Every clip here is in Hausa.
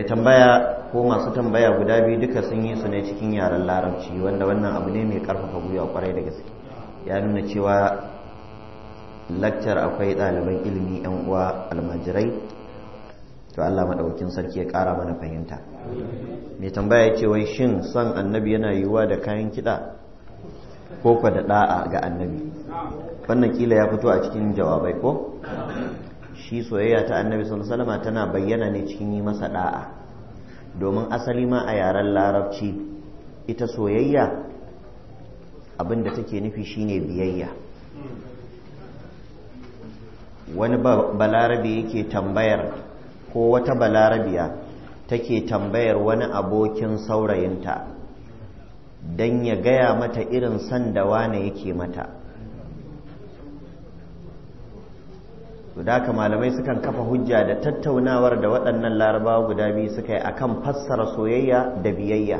mai tambaya ko masu tambaya guda biyu duka sun yi su ne cikin yaren larabci wanda wannan abu ne mai karfafa gwiwa kwarai da gaske ya nuna cewa lakcar akwai ɗaliban ilimi yan uwa almajirai to Allah maɗaukin sarki ya ƙara mana fahimta mai tambaya ce wai shin son annabi yana yiwuwa da kayan kiɗa ko kwa da ɗa'a ga annabi wannan ƙila ya fito a cikin jawabai ko shi soyayya ta annabi sallallahu tana bayyana ne cikin yi masa da'a domin asali ma a yaren larabci ita soyayya abin da take nufi shine biyayya wani balarabe yake tambayar ko wata balarabiya take tambayar wani abokin saurayinta don ya gaya mata irin sandawa ne yake mata to da haka malamai sukan kafa hujja da tattaunawar da waɗannan larabawa guda biyu suka yi kan fassara soyayya da biyayya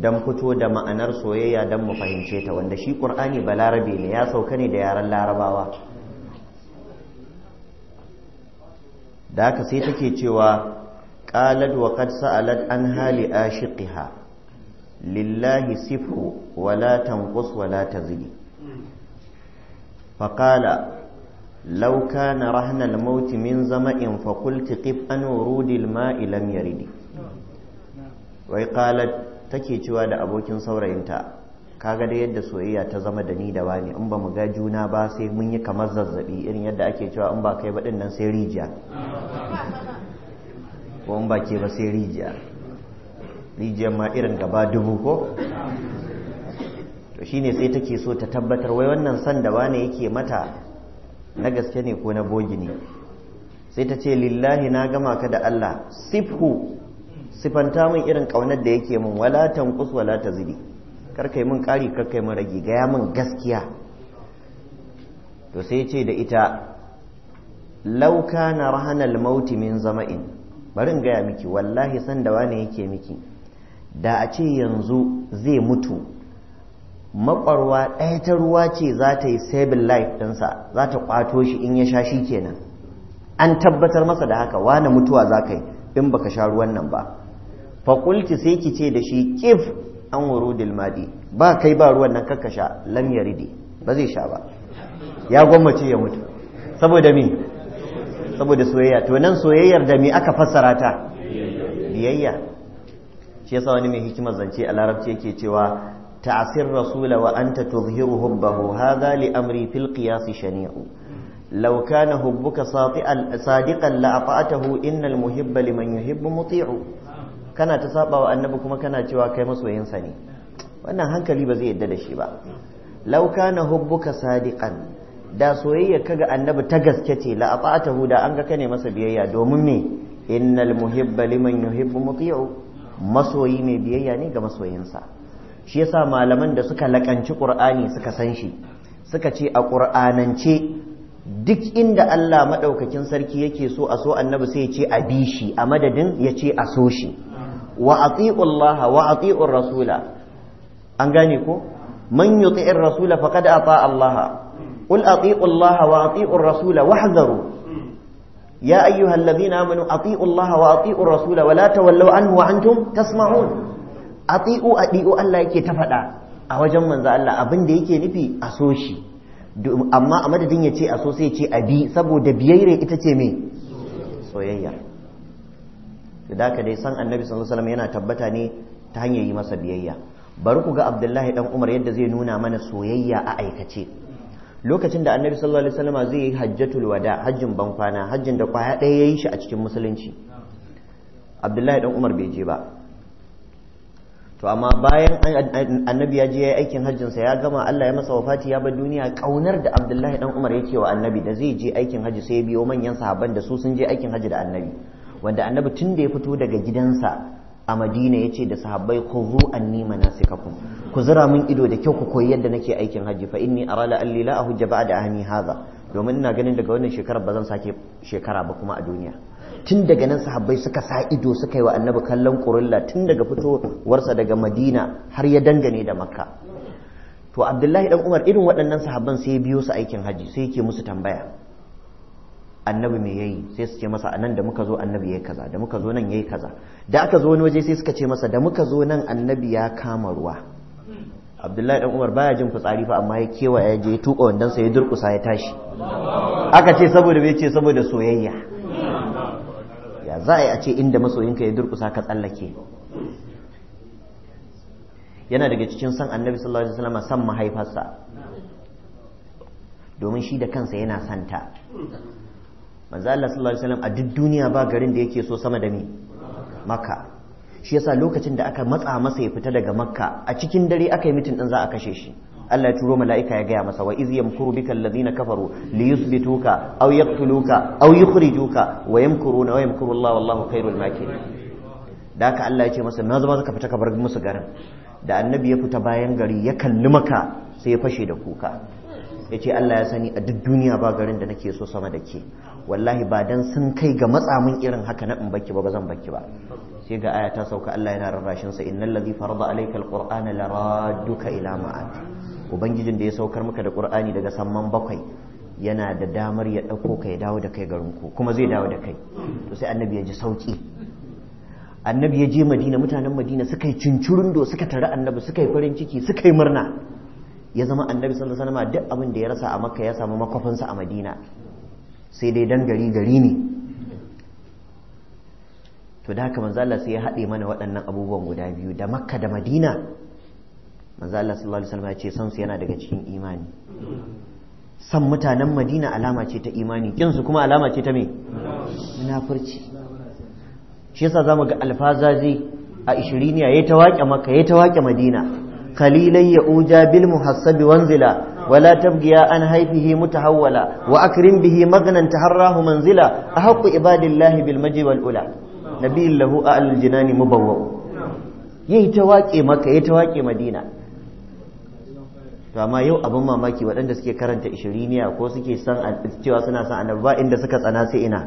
don fito da ma'anar soyayya don mu fahimce ta wanda shi ƙur'ani ba larabe ne ya sauka ne da yaren larabawa da haka sai take cewa قالت a سألت عن حال عاشقها lillahi sifu wala تنقص wala تزيد faƙala. لو كان رهن الموت من ظمأ فقلت قف أن ورود الماء لم يرد وقالت take cewa da abokin saurayinta kaga da yadda soyayya ta zama da ni da wani in ba mu ga juna ba sai mun yi kamar zazzabi irin yadda ake cewa in ba kai ba nan sai rijiya ko in ba ke ba sai rijiya ma irin gaba dubu ko to shine sai take so ta tabbatar wai wannan san da wani yake mata na gaske ne ko na bogi ne sai ta ce lillahi na gama ka da Allah sifhu sifanta min irin kaunar da yake min wala tanqus wala tazidi kar kai min kari kar kai min ragi gaya min gaskiya to sai ce da ita law kana al maut min zama'in bari in gaya miki wallahi sanda da wane yake miki da a ce yanzu zai mutu makwarwa ɗaya ta ruwa ce za ta yi sabin life ɗinsa za ta ƙwato shi in ya sha shi kenan an tabbatar masa da haka wane mutuwa za ka yi in baka sha ruwan nan ba faƙulki sai ki ce da shi kif an wuru dilmadi ba kai ba ruwan nan kakka sha lam ridi, ba zai sha ba ya gwammace ya mutu saboda mi saboda soyayya to nan soyayyar da mi aka fassara ta biyayya shi yasa wani mai hikimar zance a larabci yake cewa تعصي الرسول وأنت تظهر حبه هذا لأمري في القياس شنيع لو كان حبك صادقا لأطعته إن المحب لمن يحب مطيع kana ta saba wa annabi kuma kana cewa kai masoyinsa ne wannan hankali ba zai yadda da shi ba Lauka na hubbuka sadiqan da soyayya kaga annabi ta gaske ce la ata'atahu da an ga ka ne masa biyayya domin me innal muhibba liman yuhibbu muti'u masoyi mai biyayya ne ga masoyinsa shi yasa malaman da suka lakanci qur'ani suka san shi suka ce a ƙur'anance duk inda Allah madaukakin sarki yake so a so annabi sai ya ce a bi shi a madadin ya ce a so shi wa ati'u Allah wa rasula an gane ko man yuti'ir rasula faqad ata Allah qul ati'u Allah wa ati'u rasula wahdharu يا أيها الذين آمنوا أطيعوا الله وأطيعوا الرسول ولا تولوا عنه وأنتم تسمعون ati'u adi'u Allah yake ta faɗa a wajen manzo Allah abin da yake nufi a so shi amma a madadin ya ce a so sai ce abi saboda biyayya ita ce me soyayya da haka dai san annabi sallallahu alaihi yana tabbata ne ta hanyar yi masa biyayya bari ku ga abdullahi dan umar yadda zai nuna mana soyayya a aikace lokacin da annabi sallallahu alaihi wasallam zai yi hajjatul wada hajjin ban hajjin da kwaya ɗaya yi shi a cikin musulunci abdullahi dan umar bai je ba to amma bayan annabi ya je ya yi aikin hajjinsa ya gama Allah ya masa wafati ya bar duniya kaunar da Abdullahi dan Umar ya yake wa annabi da zai je aikin hajji sai ya biyo manyan sahabban da su sun je aikin hajji da annabi wanda annabi tun da ya fito daga gidansa a Madina ya ce da sahabbai ku zo anni manasikakum ku zira min ido da kyau ku koyi yadda nake aikin hajji fa inni arala an lila ahujja ba'da ahni haza domin ina ganin daga wannan shekarar ba zan sake shekara ba kuma a duniya tun daga nan sahabbai suka sa ido suka yi wa annabi kallon ƙurilla tun daga fitowarsa daga madina har ya dangane da makka to abdullahi dan umar irin waɗannan sahabban sai ya biyo su aikin haji sai yake musu tambaya annabi me yayi sai su ce masa anan da muka zo annabi yayi kaza da muka zo nan yayi kaza da aka zo wani waje sai suka ce masa da muka zo nan annabi ya kama ruwa abdullahi dan umar baya jin fitsari fa amma ya kewa ya je ya tuka wandon sa ya durkusa ya tashi aka ce saboda bai ce saboda soyayya ya za a ce inda masoyinka ya durkusa ka tsallake yana daga cikin san annabi sallallahu alaihi wasallam san mahaifarsa domin shi da kansa yana santa manzo Allah sallallahu alaihi wasallam a duk duniya ba garin da yake so sama da me makka shi yasa lokacin da aka matsa masa ya fita daga makka a cikin dare aka yi mitin din za a kashe shi Allah ya turo mala'ika ya gaya masa wa iz yamkuru bika alladhina kafaru li yuthbituka aw yaqtuluka aw yukhrijuka wa yamkuruna wa yamkuru Allah wallahu khairul makirin da haka Allah ya ce masa na zama zaka fita ka bar musu garin da annabi ya fita bayan gari ya kalli maka sai ya fashe da kuka ya ce Allah ya sani a duk duniya ba garin da nake so sama da ke wallahi ba dan sun kai ga matsamin irin haka na in baki ba ba zan baki ba sai ga aya ta sauka Allah yana rarrashin sa innal ladhi farada alayka alqur'ana laradduka ila ma'ad ubangijin da ya saukar maka da qur'ani daga samman bakwai yana da damar ya dauko ka ya dawo da kai garin ku kuma zai dawo da kai to sai annabi ya ji sauki annabi ya je madina mutanen madina suka yi do suka tare annabi suka yi farin ciki suka yi murna ya zama annabi sallallahu alaihi wasallam duk abin da ya rasa a makka ya samu sa a madina sai dai dan gari gari ne to da haka manzo Allah sai ya haɗe mana waɗannan abubuwan guda biyu da makka da madina manzo Allah sallallahu alaihi wasallam ya ce san su yana daga cikin imani san mutanen madina alama ce ta imani kin su kuma alama ce ta me munafurci shi yasa zamu ga alfazazi a ishiriniya yayi ta wake makka yayi ta wake madina قليلا يؤجى بالمحصب وانزلا ولا تبقيا عن هيفه متحولا وأكرم به مغنا تحراه منزلا أحق عباد الله بالمجي والأولى نبي له أعلى الجنان مبوء يتواكي مكة يتواكي مدينة to amma yau abin mamaki waɗanda suke karanta ishiriniya ko suke san cewa suna san annabba inda suka tsana ina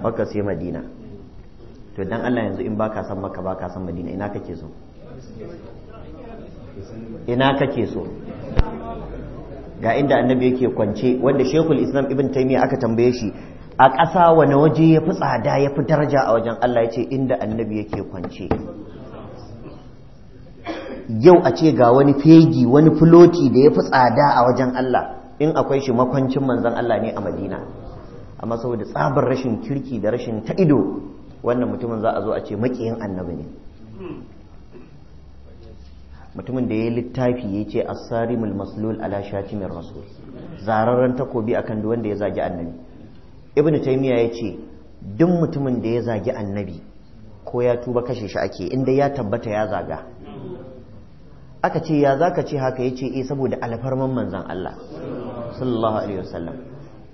maka madina to dan Allah yanzu in baka san maka baka san madina ina kake so ina kake so ga inda annabi yake kwance wanda shekul islam ibn taimiyya aka tambaye shi a ƙasa wani waje ya fi tsada ya fi daraja a wajen allah ya ce inda annabi yake kwance yau a ce ga wani fegi wani filoti da ya fi tsada a wajen allah in akwai shi makwancin manzan allah ne a madina amma saboda tsabar rashin kirki da rashin ta ido wannan mutumin za a zo a ce maƙiyin annabi ne mutumin da ya littafi ya ce asarimul maslul ala mai rasul zararren takobi a kan wanda ya zagi annabi Ibn taimiya ya ce duk mutumin da ya zagi annabi ko ya tuba kashe shi ake inda ya tabbata ya zaga aka ce ya zaka ce haka ya ce eh, saboda alfarman manzan Allah sallallahu alaihi wasallam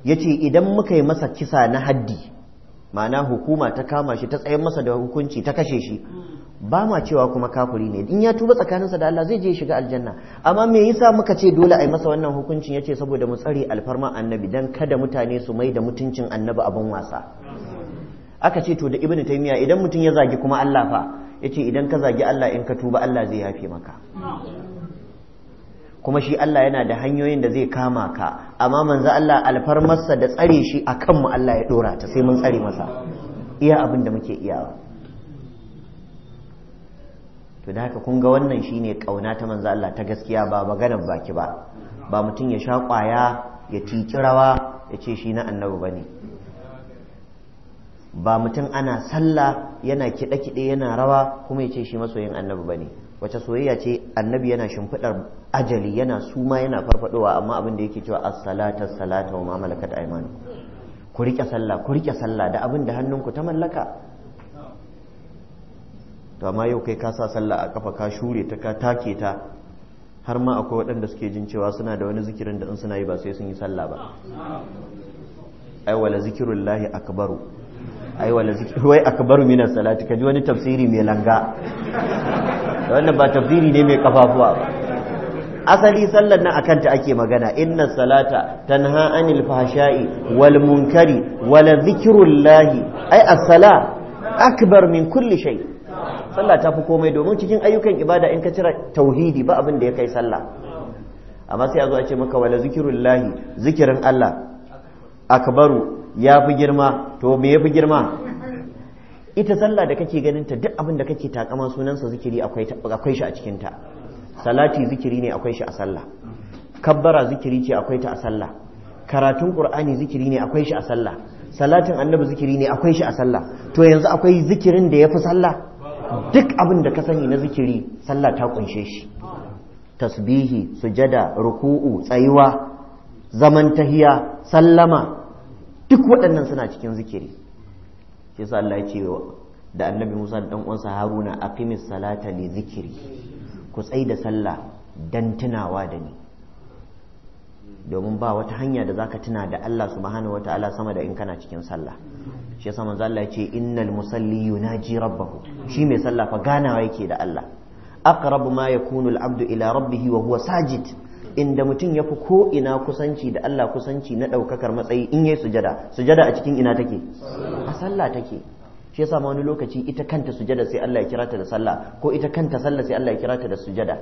ya ce idan muka yi masa kisa na haddi ma'ana hukuma ta kama shi ta tsayin masa da hukunci ta kashe shi ba ma cewa kuma kakuri ne in ya tuba tsakaninsa da Allah zai je shiga aljanna amma me yasa muka ce dole a yi masa wannan hukuncin yace saboda mu tsare alfarma annabi dan kada mutane su mai da mutuncin annabi abin wasa aka ce to da ibnu taymiya idan mutum ya zagi kuma Allah fa yace idan ka zagi Allah in ka tuba Allah zai yafe maka kuma shi Allah yana da hanyoyin da zai kama ka amma manzo Allah alfarmarsa da tsare shi akan mu Allah ya dora ta sai mun tsare masa iya abin da muke iyawa to da haka kun ga wannan shine ƙauna ta manzo Allah ta gaskiya ba maganar baki ba ba mutum ya sha kwaya ya tiki rawa ya ce shi na annabi bane ba mutum ana sallah yana kiɗe kiɗe yana rawa kuma ya ce shi masoyin annabi bane wace soyayya ce annabi yana shimfiɗar ajali yana suma yana farfaɗowa, amma abin da yake cewa as-salata as-salata wa ku riƙe sallah ku rike sallah da abin da hannunku ta mallaka to amma yau kai ka sa sallah a kafa ka shure ta ka take ta har ma akwai waɗanda suke jin cewa suna da wani zikirin da in suna yi ba sai sun yi sallah ba ai wala zikirullahi akbaru ai wala zikir wai akbaru minas salati kaji wani tafsiri mai langa wannan ba tafsiri ne mai kafafuwa ba asali sallar nan akan ta ake magana inna salata tanha anil fahsha'i wal munkari wala zikrullahi ai as-sala akbar min kulli shay' sallah ta fi komai domin cikin ayyukan ibada in ka cira tauhidi ba abin da ya kai sallah amma sai a zo a ce maka wala zikirullahi zikirin Allah akbaru ya fi girma to me ya fi girma ita sallah da kake ganin ta duk abin da kake takaman sunansa zikiri akwai shi a cikin ta salati zikiri ne akwai shi a sallah kabbara zikiri ce akwai ta a sallah karatun qur'ani zikiri ne akwai shi a sallah salatin annabi zikiri ne akwai shi a sallah to yanzu akwai zikirin da ya fi sallah duk abin da ka sani na zikiri sallah ta kunshe shi tasbihi sujada ruku'u tsayuwa zaman tahiya sallama duk waɗannan suna cikin zikiri shi sa Allah ya ce da annabi Musa da dan uwansa Haruna aqimis salata li zikiri ku tsai da sallah dan tunawa da ni domin ba wata hanya da zaka tuna da Allah subhanahu wataala sama da in kana cikin sallah shi yasa manzo Allah ce innal musalli yunaji rabbahu shi mai sallah fa ganawa yake da Allah aqrabu ma yakunu al-abdu ila rabbihi wa huwa sajid inda mutum ya fi ko ina kusanci da Allah kusanci na ɗaukakar matsayi in yayi sujada sujada a cikin ina take a sallah take shi yasa ma wani lokaci ita kanta sujada sai Allah ya kira ta da sallah ko ita kanta sallah sai Allah ya kira ta da sujada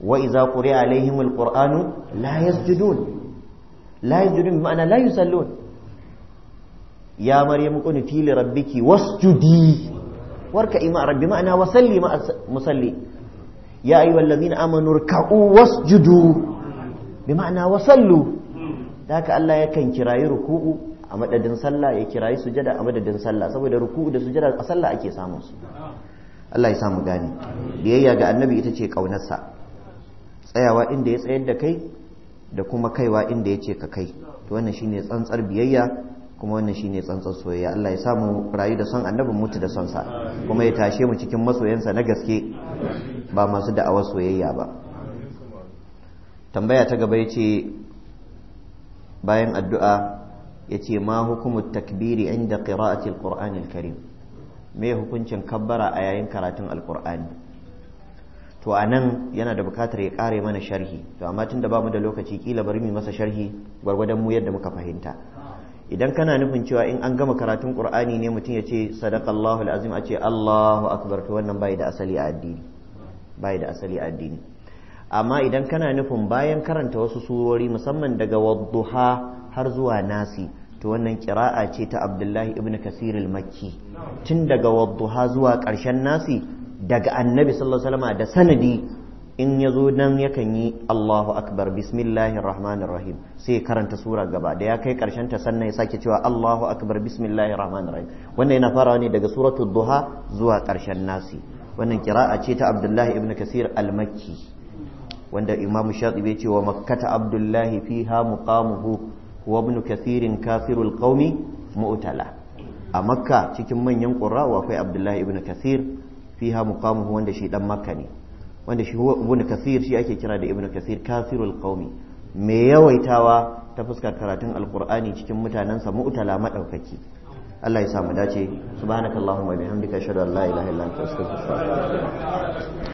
wa idza quri'a alaihimul qur'anu la yasjudun la yasjudun ma'ana la yusallun ya maryamu qunuti li rabbiki wasjudi warka ima rabbi ma'ana wasalli ma musalli ya ayyuhallazina amanu ruk'u wasjudu bi ma'ana wasallu. haka Allah yakan kirayi ruku'u a madadin sallah ya kirayi sujada a madadin sallah saboda ruku'u da sujada a sallah ake samu su Allah ya samu gani biyayya ga annabi ita ce kaunarsa tsayawa inda ya tsayar da kai da kuma kaiwa inda ya ce ka kai to wannan shine tsantsar biyayya kuma wannan shine tsantsan soyayya Allah ya samu rayu da son annabin mutu da son sa kuma ya tashe mu cikin masoyansa na gaske ba masu da awar soyayya ba tambaya ta gaba yace bayan addu'a yace ma hukumut takbiri inda qira'ati alqur'ani alkarim me hukuncin kabbara a yayin karatun alqur'ani to a nan yana da bukatar ya kare mana sharhi to amma tunda ba mu da lokaci kila bari mu masa sharhi gwargwadon mu yadda muka fahimta idan kana nufin cewa in an gama karatun qur'ani ne mutum ya ce sadaqallahu alazim a ce allahu akbar to wannan bai da asali a addini bai da asali a addini amma idan kana nufin bayan karanta wasu surori musamman daga wadduha har zuwa nasi to wannan kira'a ce ta abdullahi ibn kasir al-makki tun daga wadduha zuwa ƙarshen nasi daga annabi sallallahu da sanadi in ya zo nan yakan yi Allahu akbar bismillahir rahmanir rahim sai karanta sura gaba da ya kai karshen ta sannan ya sake cewa Allahu akbar bismillahir rahmanir rahim wannan yana farawa ne daga suratul duha zuwa karshen nasi wannan kira'a ce ta Abdullahi ibn Kasir al-Makki wanda Imam Shatibi ya ce wa makkata Abdullahi fiha muqamuhu wa ibn Kathir kafirul qaumi mu'tala a Makka cikin manyan qurra akwai Abdullahi ibn Kasir fiha muqamuhu wanda shi dan Makka ne wanda shi huwa ibnu kathir shi ake kira da ibnu kathir kathirul qaumi me yawaitawa ta fuskar karatun alqur'ani cikin mutanansa mu'tala madaukaki Allah ya sa mu dace subhanakallahumma bihamdika ashhadu an la ilaha illa anta astaghfiruka wa atubu